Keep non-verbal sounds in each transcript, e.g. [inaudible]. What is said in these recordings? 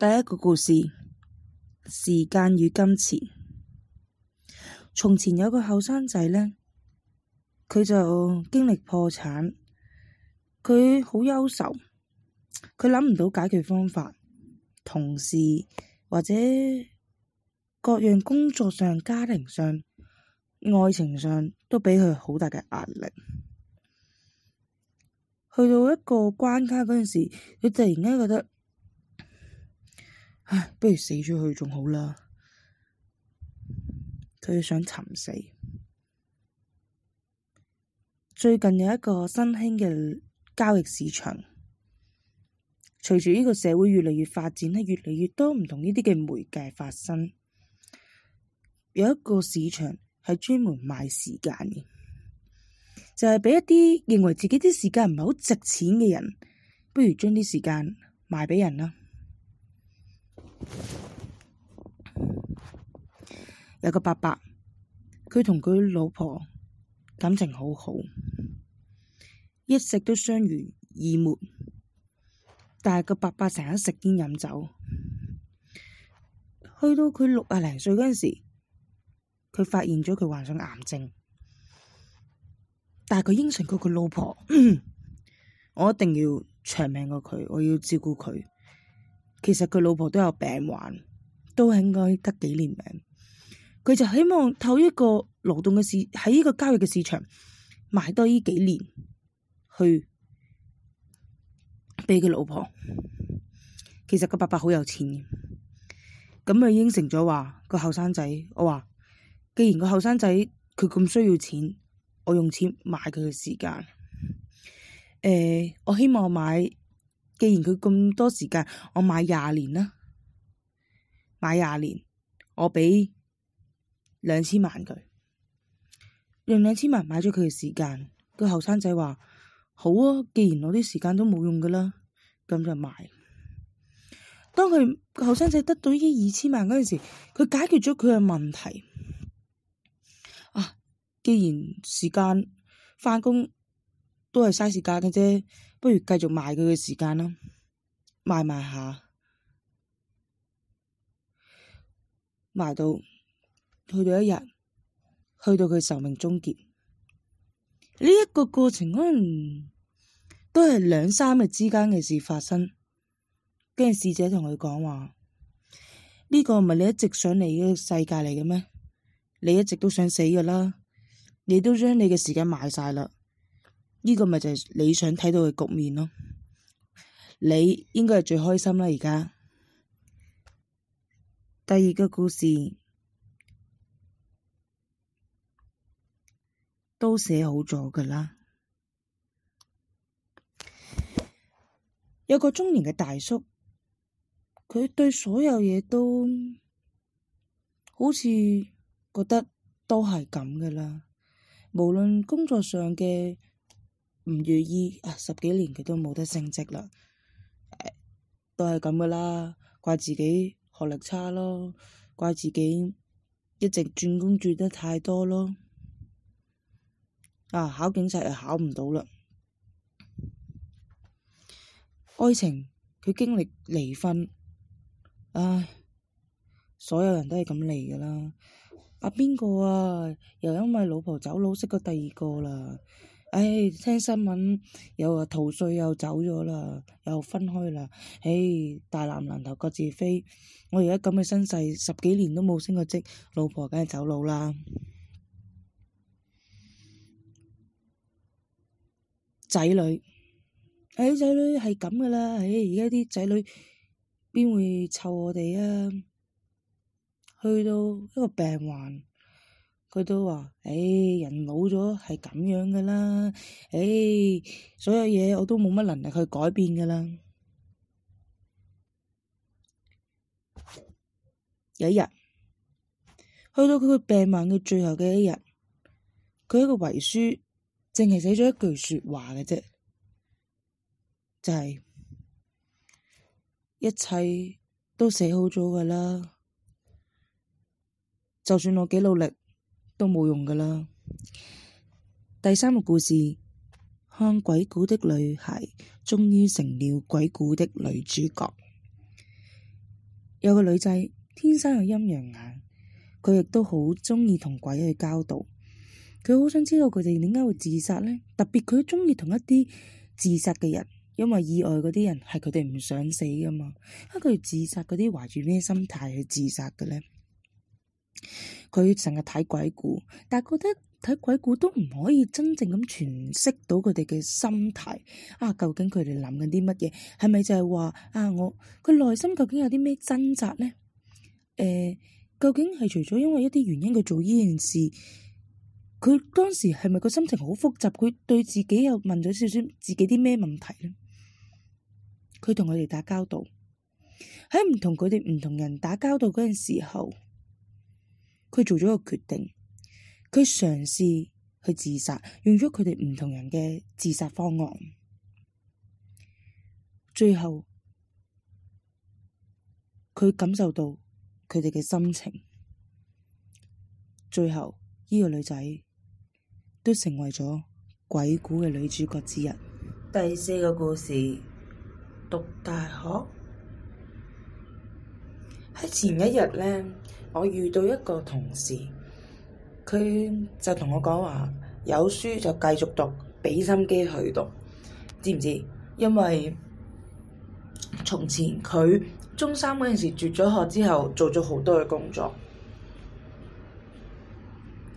第一個故事：時間與金錢。從前有個後生仔呢，佢就經歷破產，佢好憂愁，佢諗唔到解決方法，同事或者各樣工作上、家庭上、愛情上都畀佢好大嘅壓力。去到一個關卡嗰陣時，佢突然間覺得。唉，不如死咗去仲好啦！佢想尋死。最近有一個新興嘅交易市場，隨住呢個社會越嚟越發展咧，越嚟越多唔同呢啲嘅媒介發生。有一個市場係專門賣時間嘅，就係畀一啲認為自己啲時間唔係好值錢嘅人，不如將啲時間賣畀人啦。有個伯伯，佢同佢老婆感情好好，一直都相濡以沫。但係個伯伯成日食煙飲酒，去到佢六呀零歲嗰陣時，佢發現咗佢患上癌症。但係佢應承過佢老婆， [laughs] 我一定要長命過佢，我要照顧佢。其實佢老婆都有病患，都係應該得幾年命。佢就希望透過一個勞動嘅市，喺呢個交易嘅市場買多呢幾年，去畀佢老婆。其實個爸爸好有錢嘅，咁佢應承咗話個後生仔，我話既然個後生仔佢咁需要錢，我用錢買佢嘅時間。誒、呃，我希望買。既然佢咁多時間，我買廿年啦，買廿年，我畀兩千萬佢，用兩千萬買咗佢嘅時間。個後生仔話：好啊，既然我啲時間都冇用㗎啦，咁就買。當佢後生仔得到呢二千萬嗰陣時，佢解決咗佢嘅問題。啊，既然時間返工都係嘥時間嘅啫。不如繼續賣佢嘅時間啦，賣賣下，賣到去到一日，去到佢壽命終結，呢、這、一個過程嗰陣、嗯、都係兩三日之間嘅事發生。跟住侍者同佢講話：呢、這個唔係你一直想嚟嘅世界嚟嘅咩？你一直都想死㗎啦，你都將你嘅時間賣晒喇。」呢個咪就係你想睇到嘅局面咯。你應該係最開心啦，而家。第二個故事都寫好咗㗎啦。有個中年嘅大叔，佢對所有嘢都好似覺得都係咁㗎喇。無論工作上嘅。唔如意啊！十幾年佢都冇得升職啦、啊，都係咁噶啦，怪自己學歷差咯，怪自己一直轉工轉得太多咯，啊，考警察又考唔到啦，愛情佢經歷離婚，唉、啊，所有人都係咁嚟噶啦，啊，邊個啊，又因為老婆走佬識咗第二個啦～唉、哎，聽新聞又話逃稅又走咗啦，又分開啦。唉、哎，大難臨頭各自飛。我而家咁嘅身世，十幾年都冇升過職，老婆梗係走佬啦。仔女，唉、哎，仔女係咁噶啦。唉，而家啲仔女邊會湊我哋啊？去到一個病患。佢都話：，唉、hey,，人老咗係咁樣噶啦，唉、hey,，所有嘢我都冇乜能力去改變噶啦。有一日，去到佢嘅病亡嘅最後嘅一日，佢一個遺書淨係寫咗一句說話嘅啫，就係、是、一切都寫好咗噶啦，就算我幾努力。都冇用噶啦！第三個故事，看鬼故的女孩終於成了鬼故的女主角。有個女仔天生有陰陽眼，佢亦都好鍾意同鬼去交道。佢好想知道佢哋點解會自殺呢？特別佢鍾意同一啲自殺嘅人，因為意外嗰啲人係佢哋唔想死噶嘛。啊，佢自殺嗰啲懷住咩心態去自殺嘅呢？佢成日睇鬼故，但係覺得睇鬼故都唔可以真正咁詮釋到佢哋嘅心態啊，究竟佢哋諗緊啲乜嘢？係咪就係話啊？我佢內心究竟有啲咩掙扎呢？誒、欸，究竟係除咗因為一啲原因佢做呢件事，佢當時係咪個心情好複雜？佢對自己又問咗少少自己啲咩問題呢？佢同佢哋打交道，喺唔同佢哋唔同人打交道嗰陣時候。佢做咗個決定，佢嘗試去自殺，用咗佢哋唔同人嘅自殺方案，最後佢感受到佢哋嘅心情，最後呢個女仔都成為咗鬼故嘅女主角之一。第四個故事，讀大學。喺前一日咧，我遇到一個同事，佢就同我講話：有書就繼續讀，畀心機去讀，知唔知？因為從前佢中三嗰陣時，輟咗學之後，做咗好多嘅工作。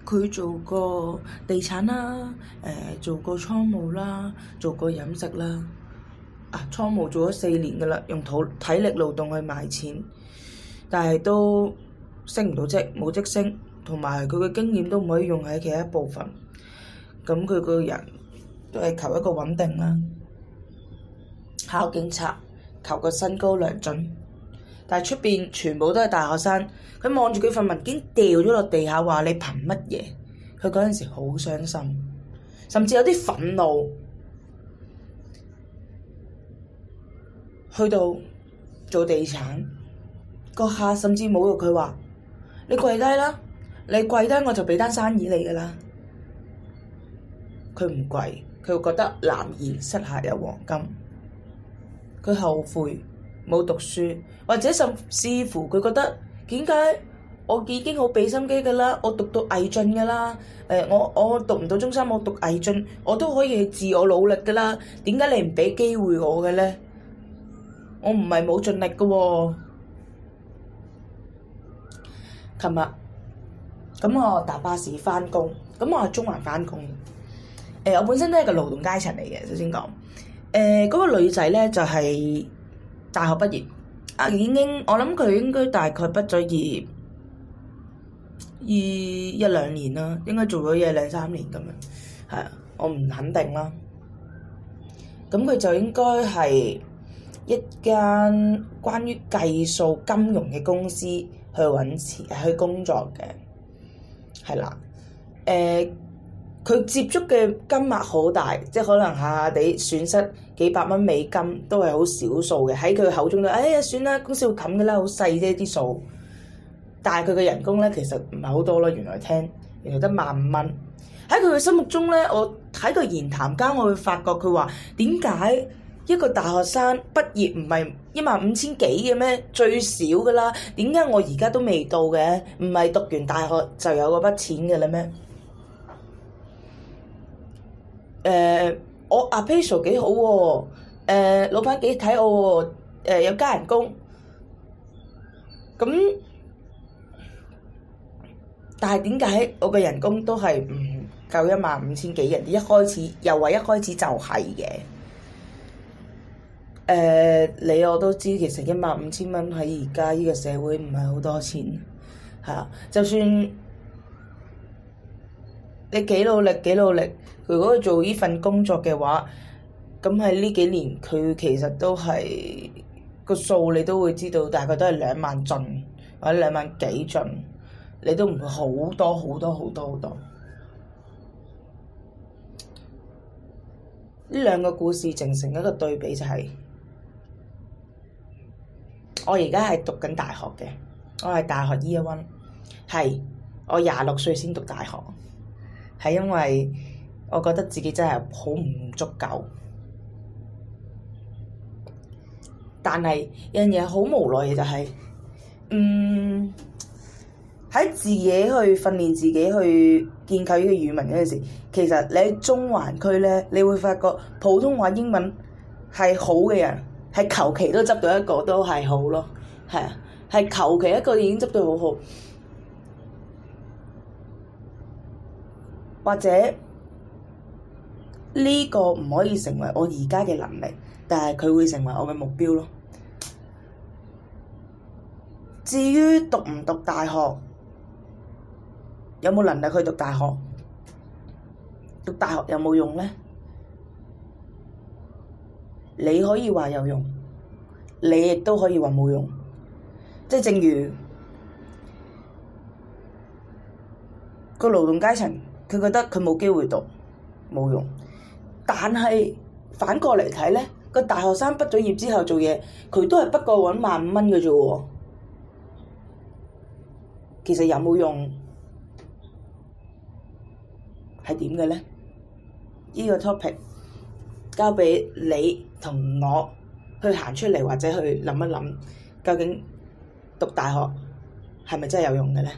佢做過地產啦，誒、呃，做過倉務啦，做過飲食啦。啊，倉務做咗四年噶啦，用土體力勞動去賣錢。但係都升唔到職，冇職升，同埋佢嘅經驗都唔可以用喺其他部分。咁佢個人都係求一個穩定啦。考警察，求個身高量準。但係出邊全部都係大學生，佢望住佢份文件掉咗落地下，話你憑乜嘢？佢嗰陣時好傷心，甚至有啲憤怒，去到做地產。個客甚至侮辱佢，話：你跪低啦，你跪低我就畀單生意你噶啦。佢唔跪，佢會覺得男兒膝下有黃金。佢後悔冇讀書，或者甚至乎佢覺得：點解我已經好畀心機噶啦？我讀到毅進噶啦，誒，我我讀唔到中三，我讀毅進，我都可以係自我努力噶啦。點解你唔畀機會我嘅咧？我唔係冇盡力噶喎，哦。琴日咁我搭巴士返工，咁我係中環返工。誒，我本身都係個勞動階層嚟嘅，首先講。誒，嗰、嗰個女仔咧就係、係、大學畢業，啊已經，我諗佢應該大概畢咗業依一兩年啦，應該做咗嘢兩三年咁樣，係啊，我唔肯定啦。咁佢就應該係一間關於計數金融嘅公司。去揾錢，去工作嘅，係啦。誒、呃，佢接觸嘅金額好大，即係可能下下地損失幾百蚊美金，都係好少數嘅。喺佢口中都，哎呀，算啦，公司會咁嘅啦，好細啫啲數。但係佢嘅人工咧，其實唔係好多咯。原來聽，原來得萬五蚊。喺佢嘅心目中咧，我喺佢言談間，我會發覺佢話點解？一個大學生畢業唔係一萬五千幾嘅咩？最少㗎啦。點解我而家都未到嘅？唔係讀完大學就有嗰筆錢嘅啦咩？誒、呃，我阿 Peso 幾好喎、啊呃？老闆幾睇我、啊？誒、呃，有加人工。咁，但係點解我嘅人工都係唔夠一萬五千幾？人哋一開始又話一開始就係嘅。誒，uh, 你我都知，其實一萬五千蚊喺而家呢個社會唔係好多錢，係呀。就算你幾努力幾努力，如果做呢份工作嘅話，咁喺呢幾年佢其實都係個數，你都會知道大概都係兩萬進或者兩萬幾進，你都唔會好多好多好多好多。呢兩個故事形成一個對比，就係，就係。我而家係讀緊大學嘅，我係大學 year one，係我廿六歲先讀大學，係因為我覺得自己真係好唔足夠，但係有樣嘢好無奈嘅就係、是，嗯，喺自己去訓練自己去建構呢個語文嗰陣時，其實你喺中環區咧，你會發覺普通話英文係好嘅人，係求其都執到一個都係好咯，係啊，係求其一個已經執到好好，或者呢個唔可以成為我而家嘅能力，但係佢會成為我嘅目標咯。至於讀唔讀大學，有冇能力去讀大學，讀大學有冇用呢？你可以話有用，你亦都可以話冇用，即係正如個勞動階層，佢覺得佢冇機會讀，冇用。但係反過嚟睇咧，個大學生畢咗業之後做嘢，佢都係不過揾萬五蚊嘅啫喎。其實有冇用係點嘅咧？呢個 topic 交俾你。同我去行出嚟，或者去諗一諗究竟讀大學係咪真係有用嘅咧？